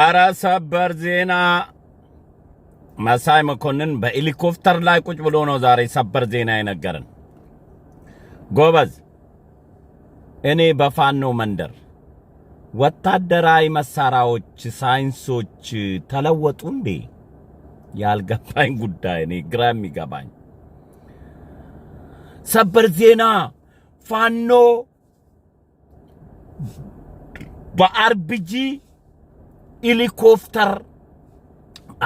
አረ ሰበር ዜና! መሳይ መኮንን በሄሊኮፕተር ላይ ቁጭ ብሎ ነው ዛሬ ሰበር ዜና የነገረን። ጎበዝ፣ እኔ በፋኖ መንደር ወታደራዊ መሳሪያዎች ሳይንሶች ተለወጡ እንዴ? ያልገባኝ ጉዳይ እኔ ግራ የሚገባኝ ሰበር ዜና ፋኖ በአርቢጂ ሄሊኮፕተር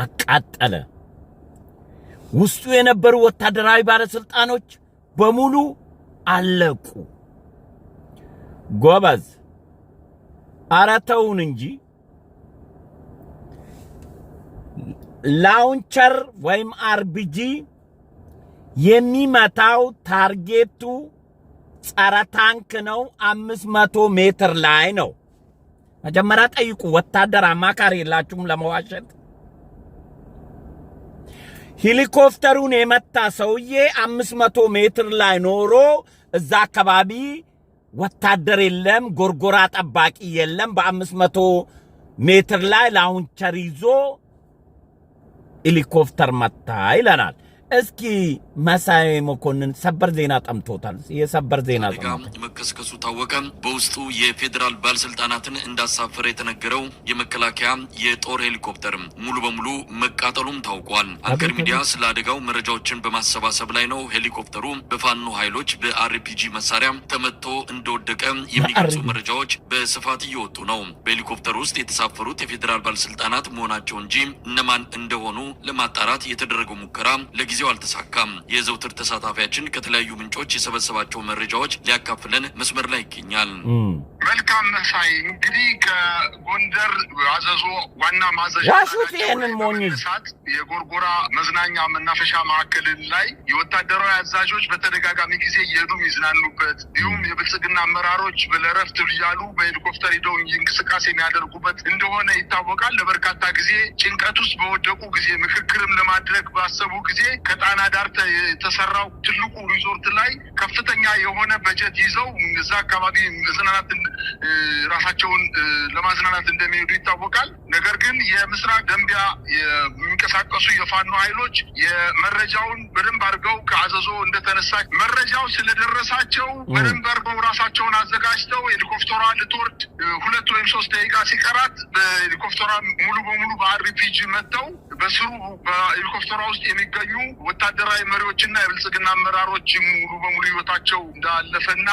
አቃጠለ። ውስጡ የነበሩ ወታደራዊ ባለስልጣኖች በሙሉ አለቁ። ጎበዝ አረተውን እንጂ ላውንቸር ወይም አርቢጂ የሚመታው ታርጌቱ ጸረ ታንክ ነው። አምስት መቶ ሜትር ላይ ነው። መጀመሪያ ጠይቁ። ወታደር አማካሪ የላችሁም ለመዋሸት? ሄሊኮፕተሩን የመታ ሰውዬ አምስት መቶ ሜትር ላይ ኖሮ እዛ አካባቢ ወታደር የለም፣ ጎርጎራ ጠባቂ የለም። በአምስት መቶ ሜትር ላይ ላውንቸር ይዞ ሄሊኮፕተር መታ ይለናል። እስኪ መሳይ መኮንን ሰበር ዜና ጠምቶታል። የሰበር ዜና መከስከሱ ታወቀ። በውስጡ የፌዴራል ባለስልጣናትን እንዳሳፈረ የተነገረው የመከላከያ የጦር ሄሊኮፕተር ሙሉ በሙሉ መቃጠሉም ታውቋል። አገር ሚዲያ ስለ አደጋው መረጃዎችን በማሰባሰብ ላይ ነው። ሄሊኮፕተሩ በፋኖ ኃይሎች በአርፒጂ መሳሪያ ተመቶ እንደወደቀ የሚገልጹ መረጃዎች በስፋት እየወጡ ነው። በሄሊኮፕተሩ ውስጥ የተሳፈሩት የፌዴራል ባለስልጣናት መሆናቸው እንጂ እነማን እንደሆኑ ለማጣራት የተደረገው ሙከራ ለጊዜ ለጊዜው አልተሳካም። የዘውትር ተሳታፊያችን ከተለያዩ ምንጮች የሰበሰባቸው መረጃዎች ሊያካፍለን መስመር ላይ ይገኛል። መልካም መሳይ እንግዲህ ከጎንደር አዘዞ ዋና ማዘዣ ዋሹት ይህንን ሞኝ የጎርጎራ መዝናኛ መናፈሻ ማዕከልን ላይ የወታደራዊ አዛዦች በተደጋጋሚ ጊዜ እየሄዱ ይዝናኑበት፣ እንዲሁም የብልጽግና አመራሮች ለእረፍት እያሉ በሄሊኮፕተር ሄደው እንቅስቃሴ የሚያደርጉበት እንደሆነ ይታወቃል። ለበርካታ ጊዜ ጭንቀት ውስጥ በወደቁ ጊዜ ምክክርም ለማድረግ ባሰቡ ጊዜ ከጣና ዳር የተሰራው ትልቁ ሪዞርት ላይ ከፍተኛ የሆነ በጀት ይዘው እዛ አካባቢ መዝናናት ራሳቸውን ለማዝናናት እንደሚሄዱ ይታወቃል። ነገር ግን የምስራቅ ደንቢያ የሚንቀሳቀሱ የፋኖ ኃይሎች የመረጃውን በደንብ አድርገው ከአዘዞ እንደተነሳ መረጃው ስለደረሳቸው በደንብ አድርገው ራሳቸውን አዘጋጅተው ሄሊኮፕተሯ ልትወርድ ሁለት ወይም ሶስት ደቂቃ ሲቀራት በሄሊኮፕተሯ ሙሉ በሙሉ በአርፒጂ መጥተው በስሩ በሄሊኮፕተሯ ውስጥ የሚገኙ ወታደራዊ መሪዎችና የብልጽግና አመራሮች ሙሉ በሙሉ ህይወታቸው እንዳለፈና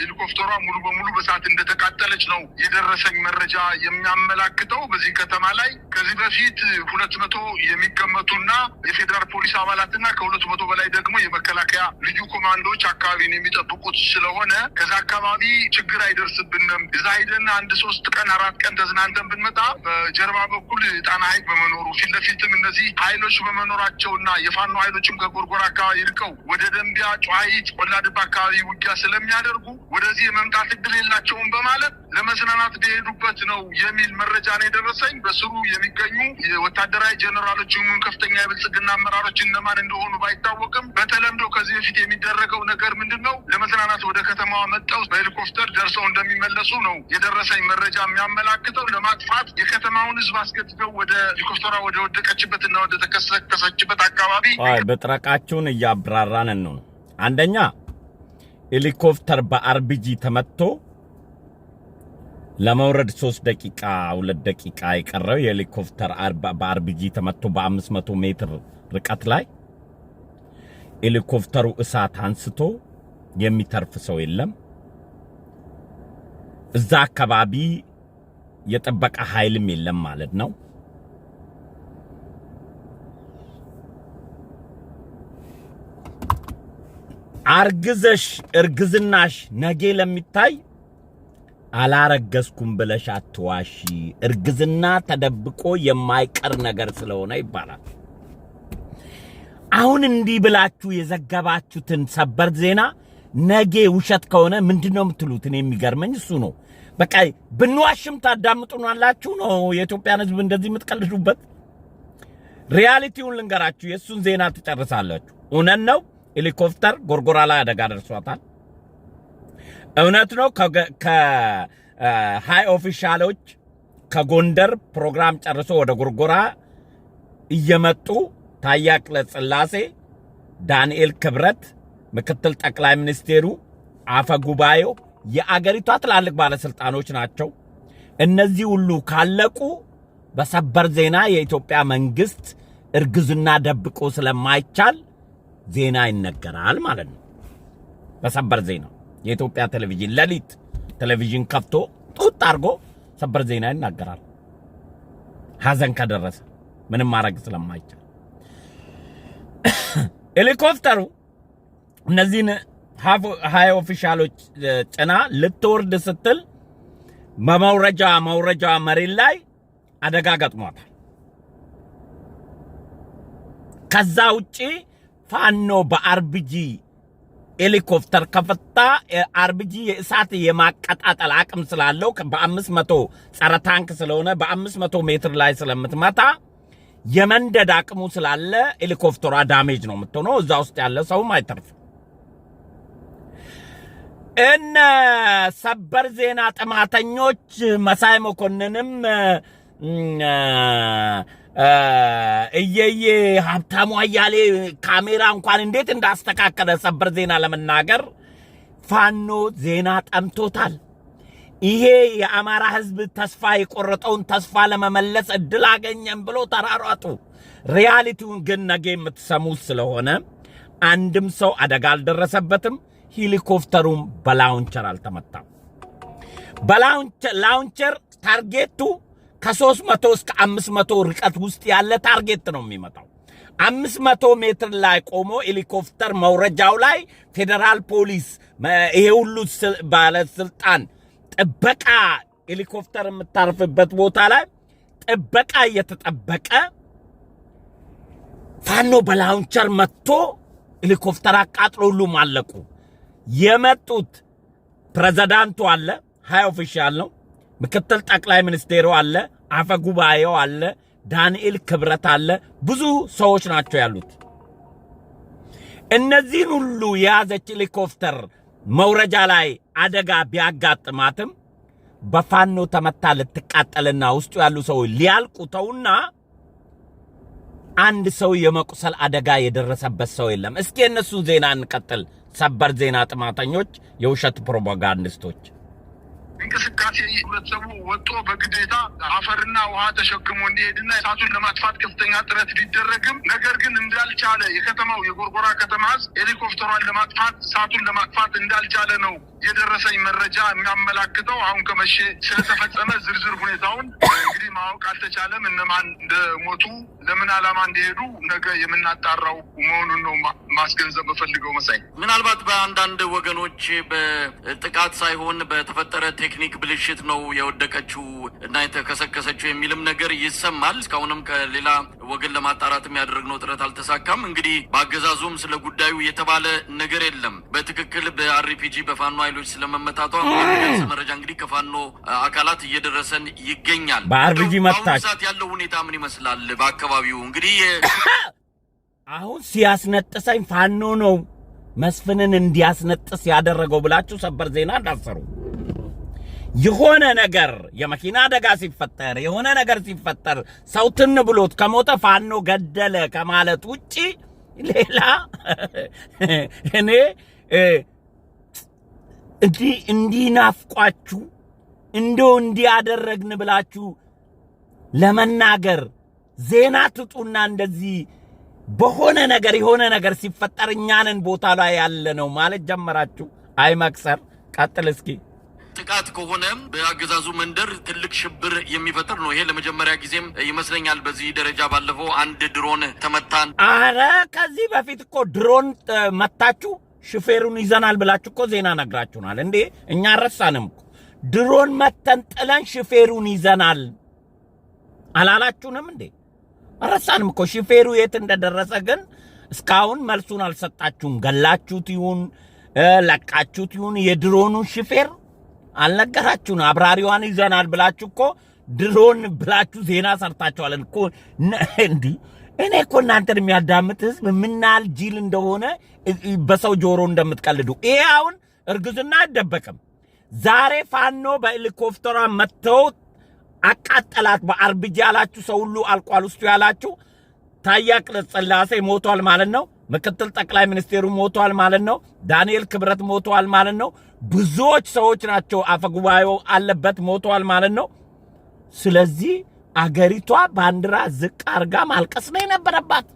ሄሊኮፕተሯ ሙሉ በሙሉ በሰዓት እንደተ እንደተቃጠለች ነው የደረሰኝ መረጃ የሚያመላክተው። በዚህ ከተማ ላይ ከዚህ በፊት ሁለት መቶ የሚገመቱና የፌዴራል ፖሊስ አባላትና ከሁለት መቶ በላይ ደግሞ የመከላከያ ልዩ ኮማንዶዎች አካባቢን የሚጠብቁት ስለሆነ ከዛ አካባቢ ችግር አይደርስብንም። እዛ ሄደን አንድ ሶስት ቀን አራት ቀን ተዝናንተን ብንመጣ በጀርባ በኩል ጣና ሀይቅ በመኖሩ ፊት ለፊትም እነዚህ ሀይሎች በመኖራቸውና የፋኖ ሀይሎችም ከጎርጎራ አካባቢ ይርቀው ወደ ደንቢያ ጨዋሂት ቆላድባ አካባቢ ውጊያ ስለሚያደርጉ ወደዚህ የመምጣት እድል የላቸውም። በማለት ለመዝናናት ሊሄዱበት ነው የሚል መረጃ ነው የደረሰኝ። በስሩ የሚገኙ ወታደራዊ ጀኔራሎችን ከፍተኛ የብልጽግና አመራሮች እነማን እንደሆኑ ባይታወቅም በተለምዶ ከዚህ በፊት የሚደረገው ነገር ምንድን ነው? ለመዝናናት ወደ ከተማዋ መጠው በሄሊኮፕተር ደርሰው እንደሚመለሱ ነው የደረሰኝ መረጃ የሚያመላክተው። ለማጥፋት የከተማውን ህዝብ አስገድደው ወደ ሄሊኮፕተሯ ወደ ወደቀችበት ወደ ተከሰከሰችበት አካባቢ በጥረቃችሁን እያብራራንን ነው። አንደኛ ሄሊኮፕተር በአርቢጂ ተመትቶ ለመውረድ ሶስት ደቂቃ ሁለት ደቂቃ የቀረው የሄሊኮፕተር በአርቢጂ ተመቶ በ500 ሜትር ርቀት ላይ ሄሊኮፕተሩ እሳት አንስቶ የሚተርፍ ሰው የለም። እዛ አካባቢ የጠበቀ ኃይልም የለም ማለት ነው። አርግዘሽ እርግዝናሽ ነጌ ለሚታይ አላረገዝኩም ብለሽ አትዋሺ። እርግዝና ተደብቆ የማይቀር ነገር ስለሆነ ይባላል። አሁን እንዲህ ብላችሁ የዘገባችሁትን ሰበር ዜና ነጌ ውሸት ከሆነ ምንድን ነው የምትሉት? እኔ የሚገርመኝ እሱ ነው። በቃ ብንዋሽም ታዳምጡናላችሁ ነው የኢትዮጵያን ሕዝብ እንደዚህ የምትቀልዱበት። ሪያሊቲውን ልንገራችሁ፣ የእሱን ዜና ትጨርሳላችሁ። እውነት ነው ሄሊኮፕተር ጎርጎራ ላይ አደጋ ደርሷታል። እውነት ነው። ከሀይ ኦፊሻሎች ከጎንደር ፕሮግራም ጨርሶ ወደ ጎርጎራ እየመጡ ታያቅለ ጽላሴ፣ ዳንኤል ክብረት፣ ምክትል ጠቅላይ ሚኒስቴሩ፣ አፈ ጉባኤው፣ የአገሪቷ ትላልቅ ባለስልጣኖች ናቸው። እነዚህ ሁሉ ካለቁ በሰበር ዜና የኢትዮጵያ መንግስት እርግዝና ደብቆ ስለማይቻል ዜና ይነገራል ማለት ነው። በሰበር ዜና የኢትዮጵያ ቴሌቪዥን ለሊት ቴሌቪዥን ከፍቶ ጡጥ አድርጎ ሰበር ዜና ይናገራል። ሀዘን ከደረሰ ምንም ማድረግ ስለማይቻል ሄሊኮፕተሩ እነዚህን ሀይ ኦፊሻሎች ጭና ልትወርድ ስትል በመውረጃ መውረጃ መሬት ላይ አደጋ ገጥሟታል። ከዛ ውጪ ፋኖ በአርብጂ ሄሊኮፕተር ከፈታ አርብጂ የእሳት የማቀጣጠል አቅም ስላለው በአምስት መቶ ጸረ ታንክ ስለሆነ በአምስት መቶ ሜትር ላይ ስለምትመታ የመንደድ አቅሙ ስላለ ሄሊኮፕተሯ ዳሜጅ ነው የምትሆነው። እዛ ውስጥ ያለ ሰውም አይተርፍ። እነ ሰበር ዜና ጥማተኞች መሳይ መኮንንም እየየ ሀብታሙ አያሌ ካሜራ እንኳን እንዴት እንዳስተካከለ ሰበር ዜና ለመናገር ፋኖ ዜና ጠምቶታል። ይሄ የአማራ ሕዝብ ተስፋ የቆረጠውን ተስፋ ለመመለስ እድል አገኘም ብሎ ተራሯጡ። ሪያሊቲውን ግን ነገ የምትሰሙት ስለሆነ አንድም ሰው አደጋ አልደረሰበትም። ሄሊኮፕተሩም በላውንቸር አልተመታም። በላውንቸር ታርጌቱ ከሶስት መቶ እስከ አምስት መቶ ርቀት ውስጥ ያለ ታርጌት ነው የሚመጣው። አምስት መቶ ሜትር ላይ ቆሞ ሄሊኮፕተር መውረጃው ላይ ፌዴራል ፖሊስ ይሄ ሁሉ ባለስልጣን ጥበቃ ሄሊኮፕተር የምታርፍበት ቦታ ላይ ጥበቃ እየተጠበቀ ፋኖ በላውንቸር መጥቶ ሄሊኮፕተር አቃጥሎ ሁሉም አለቁ። የመጡት ፕሬዚዳንቱ አለ ሀይ ኦፊሻል ነው ምክትል ጠቅላይ ሚኒስቴሩ አለ፣ አፈ ጉባኤው አለ፣ ዳንኤል ክብረት አለ። ብዙ ሰዎች ናቸው ያሉት። እነዚህን ሁሉ የያዘች ሄሊኮፕተር መውረጃ ላይ አደጋ ቢያጋጥማትም በፋኖ ተመታ ልትቃጠልና ውስጡ ያሉ ሰዎች ሊያልቁ ተውና አንድ ሰው የመቁሰል አደጋ የደረሰበት ሰው የለም። እስኪ የእነሱን ዜና እንቀጥል። ሰበር ዜና ጥማተኞች፣ የውሸት ፕሮፓጋንዲስቶች እንቅስቃሴ ህብረተሰቡ ወጥቶ በግዴታ አፈርና ውሃ ተሸክሞ እንዲሄድና እሳቱን ለማጥፋት ከፍተኛ ጥረት ቢደረግም ነገር ግን እንዳልቻለ የከተማው የጎርጎራ ከተማ ህዝብ ሄሊኮፕተሯን ለማጥፋት እሳቱን ለማጥፋት እንዳልቻለ ነው የደረሰኝ መረጃ የሚያመላክተው። አሁን ከመቼ ስለተፈጸመ ዝርዝር ሁኔታውን እንግዲህ ማወቅ አልተቻለም። እነማን እንደሞቱ ለምን ዓላማ እንደሄዱ ነገ የምናጣራው መሆኑን ነው ማስገንዘብ የምፈልገው። መሳይ፣ ምናልባት በአንዳንድ ወገኖች በጥቃት ሳይሆን በተፈጠረ ቴክኒክ ብልሽት ነው የወደቀችው እና የተከሰከሰችው የሚልም ነገር ይሰማል። እስካሁንም ከሌላ ወገን ለማጣራት ነው ጥረት አልተሳካም። እንግዲህ በአገዛዙም ስለ ጉዳዩ የተባለ ነገር የለም። በትክክል በአርፒጂ በፋኖ ኃይሎች ስለመመታቷ መረጃ እንግዲህ ከፋኖ አካላት እየደረሰን ይገኛል። በአርፒጂ መታች ያለው ሁኔታ ምን ይመስላል በአካባቢ አካባቢው እንግዲህ አሁን ሲያስነጥሰኝ ፋኖ ነው መስፍንን እንዲያስነጥስ ያደረገው ብላችሁ ሰበር ዜና እንዳሰሩ የሆነ ነገር የመኪና አደጋ ሲፈጠር የሆነ ነገር ሲፈጠር ሰው ትን ብሎት ከሞተ ፋኖ ገደለ ከማለት ውጪ ሌላ እኔ እንዲህ እንዲናፍቋችሁ እንደው እንዲያደረግን ብላችሁ ለመናገር ዜና ትጡና እንደዚህ በሆነ ነገር የሆነ ነገር ሲፈጠር እኛንን ቦታ ላይ ያለ ነው ማለት ጀመራችሁ። አይ መቅሰር ቀጥል እስኪ። ጥቃት ከሆነ በአገዛዙ መንደር ትልቅ ሽብር የሚፈጥር ነው። ይሄ ለመጀመሪያ ጊዜም ይመስለኛል በዚህ ደረጃ። ባለፈው አንድ ድሮን ተመታን። አረ ከዚህ በፊት እኮ ድሮን መታችሁ ሹፌሩን ይዘናል ብላችሁ እኮ ዜና ነግራችሁናል እንዴ! እኛ አረሳንም ድሮን መተን ጥለን ሹፌሩን ይዘናል አላላችሁንም እንዴ? አረሳንም እኮ ሽፌሩ የት እንደደረሰ ግን እስካሁን መልሱን አልሰጣችሁም። ገላችሁት ይሁን ለቃችሁት ይሁን የድሮኑ ሽፌር አልነገራችሁን። አብራሪዋን ይዘናል ብላችሁ እኮ ድሮን ብላችሁ ዜና ሰርታችኋል እኮ እንዲ እኔ እኮ እናንተን የሚያዳምጥ ህዝብ ምናል ጅል እንደሆነ በሰው ጆሮ እንደምትቀልዱ ይሄ አሁን እርግዝና አይደበቅም። ዛሬ ፋኖ በሄሊኮፕተሯ መጥተው አቃጠላት በአርብጃ ያላችሁ ሰው ሁሉ አልቋል ውስጡ ያላችሁ ታዬ አጽቀሥላሴ ሞቷል ማለት ነው። ምክትል ጠቅላይ ሚኒስቴሩ ሞቷል ማለት ነው። ዳንኤል ክብረት ሞቷል ማለት ነው። ብዙዎች ሰዎች ናቸው። አፈጉባኤው አለበት ሞቷል ማለት ነው። ስለዚህ አገሪቷ ባንዲራ ዝቅ አርጋ ማልቀስ ነው የነበረባት።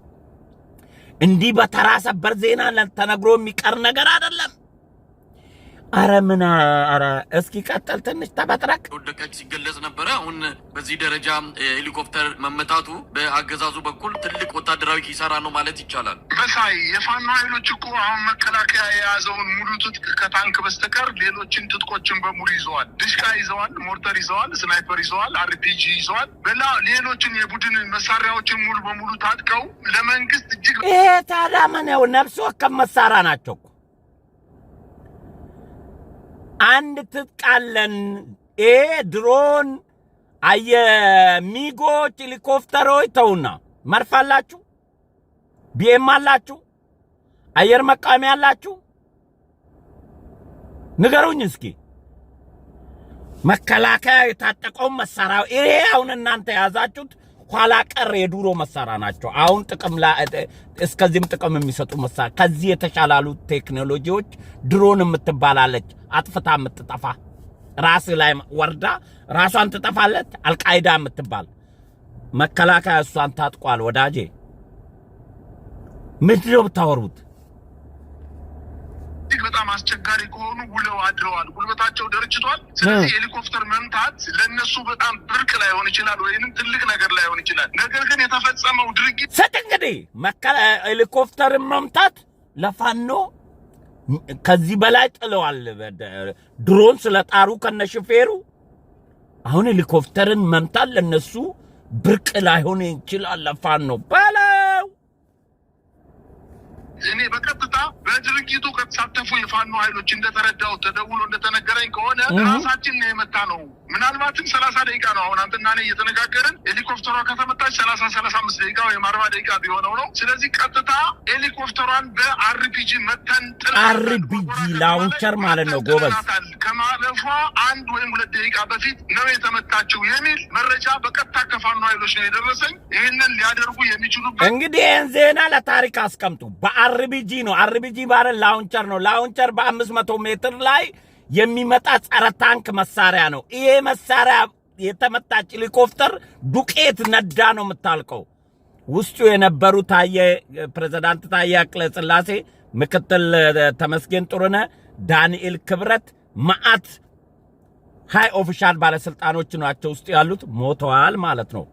እንዲህ በተራ ሰበር ዜና ተነግሮ የሚቀር ነገር አይደለም። አረ ምን አረ እስኪ ቀጥል ትንሽ ተበጥረቅ ወደቀች ሲገለጽ ነበረ። አሁን በዚህ ደረጃ ሄሊኮፕተር መመታቱ በአገዛዙ በኩል ትልቅ ወታደራዊ ኪሳራ ነው ማለት ይቻላል። በሳይ የፋኖ ኃይሎች እኮ አሁን መከላከያ የያዘውን ሙሉ ትጥቅ ከታንክ በስተቀር ሌሎችን ትጥቆችን በሙሉ ይዘዋል። ድሽቃ ይዘዋል፣ ሞርተር ይዘዋል፣ ስናይፐር ይዘዋል፣ አርፒጂ ይዘዋል። በላ ሌሎችን የቡድን መሳሪያዎችን ሙሉ በሙሉ ታጥቀው ለመንግስት እጅግ ይሄ ታዳመነው ነፍስ ወከፍ መሳሪያ ናቸው አንድ ትጥቅ አለን። ይሄ ድሮን፣ የሚጎች፣ ሄሊኮፍተሮች ተውና፣ መድፍ አላችሁ፣ ቢኤም አላችሁ፣ አየር መቃወሚያ አላችሁ። ንገሩኝ እስኪ መከላከያ የታጠቀውን መሳሪያ ይሄ አሁን እናንተ የያዛችሁት ኋላ ቀር የዱሮ መሳሪያ ናቸው። አሁን ጥቅም እስከዚህም ጥቅም የሚሰጡ መሳሪያ ከዚህ የተሻላሉ ቴክኖሎጂዎች ድሮን የምትባላለች አጥፍታ የምትጠፋ ራስ ላይ ወርዳ ራሷን ትጠፋለች። አልቃይዳ የምትባል መከላከያ እሷን ታጥቋል። ወዳጄ ምንድነው ብታወሩት? አስቸጋሪ ከሆኑ ውለው አድረዋል፣ ጉልበታቸው ደርጅቷል። ስለዚህ ሄሊኮፕተር መምታት ለእነሱ በጣም ብርቅ ላይሆን ይችላል፣ ወይም ትልቅ ነገር ላይሆን ይችላል። ነገር ግን የተፈጸመው ድርጊት ሰጥ እንግዲህ ሄሊኮፕተርን መምታት ለፋኖ ከዚህ በላይ ጥለዋል። ድሮን ስለጣሩ ከነሽፌሩ አሁን ሄሊኮፕተርን መምታት ለነሱ ብርቅ ላይሆን ይችላል፣ ለፋኖ በለው እኔ በቀጥታ በድርጊቱ ከተሳተፉ የፋኖ ኃይሎች እንደተረዳው ተደውሎ እንደተነገረኝ ከሆነ ራሳችን ነው የመታ ነው። ምናልባትም ሰላሳ ደቂቃ ነው አሁን አንተና እኔ እየተነጋገርን ሄሊኮፕተሯ ከተመታች ሰላሳ ሰላሳ አምስት ደቂቃ ወይም አርባ ደቂቃ ቢሆነው ነው። ስለዚህ ቀጥታ ሄሊኮፕተሯን በአርፒጂ መተን አርፒጂ ላውንቸር ማለት ነው ጎበዝ ከማለፏ አንድ ወይም ሁለት ደቂቃ በፊት ነው የተመታችው የሚል መረጃ በቀጥታ ከፋኖ ኃይሎች ነው የደረሰኝ። ይህንን ሊያደርጉ የሚችሉበት እንግዲህ ይህን ዜና ለታሪክ አስቀምጡ። በአርፒጂ ነው አርቢጂ ባረን ላውንቸር ነው። ላውንቸር በ500 ሜትር ላይ የሚመጣ ጸረ ታንክ መሳሪያ ነው። ይሄ መሳሪያ የተመታች ሄሊኮፕተር ዱቄት ነዳ ነው የምታልቀው። ውስጡ የነበሩ ታየ ፕሬዝዳንት ታየ አጽቀሥላሴ፣ ምክትል ተመስገን ጥሩነ፣ ዳንኤል ክብረት መዓት ሃይ ኦፊሻል ባለስልጣኖች ናቸው ውስጥ ያሉት ሞተዋል ማለት ነው።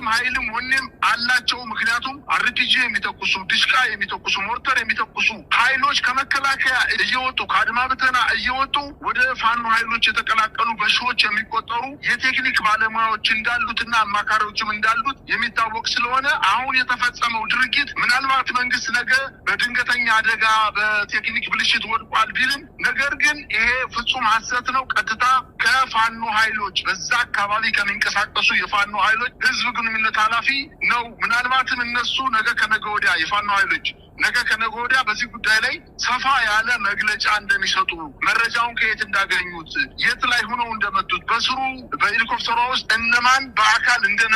ጉልበትም ሀይልም ወኔም አላቸው። ምክንያቱም አርፒጂ የሚተኩሱ ዲሽቃ የሚተኩሱ ሞርተር የሚተኩሱ ኃይሎች ከመከላከያ እየወጡ ከአድማ ብተና እየወጡ ወደ ፋኖ ኃይሎች የተቀላቀሉ በሺዎች የሚቆጠሩ የቴክኒክ ባለሙያዎች እንዳሉትና አማካሪዎችም እንዳሉት የሚታወቅ ስለሆነ አሁን የተፈጸመው ድርጊት ምናልባት መንግስት ነገ በድንገተኛ አደጋ በቴክኒክ ብልሽት ወድቋል ቢልም ነገር ግን ይሄ ፍጹም ሀሰት ነው። ቀጥታ ከፋኖ ኃይሎች በዛ አካባቢ ከሚንቀሳቀሱ የፋኖ ሀይሎች ህዝብ ግን ግንኙነት ኃላፊ ነው። ምናልባትም እነሱ ነገ ከነገ ወዲያ የፋኖ ኃይሎች ነገ ከነገ ወዲያ በዚህ ጉዳይ ላይ ሰፋ ያለ መግለጫ እንደሚሰጡ መረጃውን ከየት እንዳገኙት፣ የት ላይ ሆነው እንደመጡት፣ በስሩ በሄሊኮፕተሯ ውስጥ እነማን በአካል እንደነ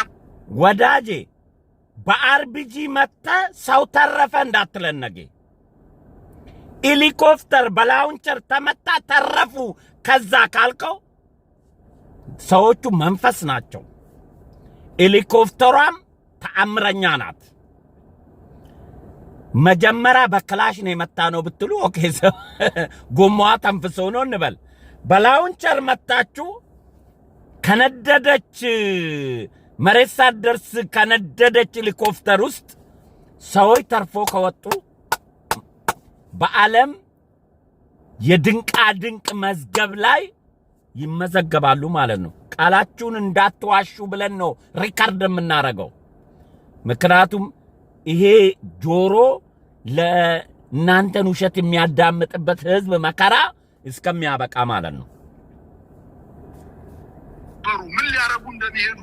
ወዳጄ በአርቢጂ መጥተ ሰው ተረፈ እንዳትለን ነገ ሄሊኮፕተር በላውንቸር ተመታ ተረፉ ከዛ ካልከው ሰዎቹ መንፈስ ናቸው። ሄሊኮፕተሯም ተአምረኛ ናት። መጀመሪያ በክላሽ ነው የመታ ነው ብትሉ ኦኬ፣ ጎማዋ ተንፍሶ ነው እንበል። በላውንቸር መታችሁ ከነደደች መሬት ሳትደርስ ከነደደች ሄሊኮፕተር ውስጥ ሰዎች ተርፎ ከወጡ በዓለም የድንቃድንቅ መዝገብ ላይ ይመዘገባሉ ማለት ነው። ቃላችሁን እንዳትዋሹ ብለን ነው ሪካርድ የምናደርገው። ምክንያቱም ይሄ ጆሮ ለእናንተን ውሸት የሚያዳምጥበት ህዝብ መከራ እስከሚያበቃ ማለት ነው። ሊያረጉ እንደሚሄዱ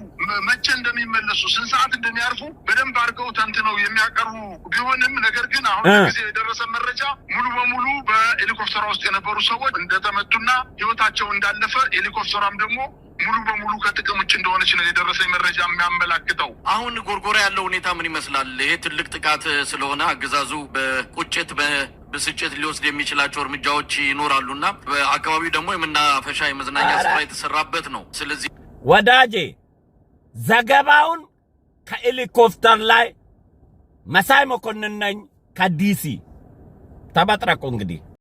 መቼ እንደሚመለሱ ስንት ሰዓት እንደሚያርፉ በደንብ አድርገው ተንትነው የሚያቀርቡ ቢሆንም ነገር ግን አሁን ጊዜ የደረሰ መረጃ ሙሉ በሙሉ በሄሊኮፕተሯ ውስጥ የነበሩ ሰዎች እንደተመቱና ህይወታቸው እንዳለፈ ሄሊኮፕተሯም ደግሞ ሙሉ በሙሉ ከጥቅም ውጭ እንደሆነች ነው የደረሰኝ መረጃ የሚያመላክተው። አሁን ጎርጎራ ያለው ሁኔታ ምን ይመስላል? ይሄ ትልቅ ጥቃት ስለሆነ አገዛዙ በቁጭት በብስጭት ሊወስድ የሚችላቸው እርምጃዎች ይኖራሉና በአካባቢው ደግሞ የመናፈሻ የመዝናኛ ስፍራ የተሰራበት ነው። ስለዚህ ወዳጄ ዘገባውን ከሄሊኮፕተር ላይ መሳይ መኮንን ነኝ ከዲሲ ተበጥረቁ እንግዲህ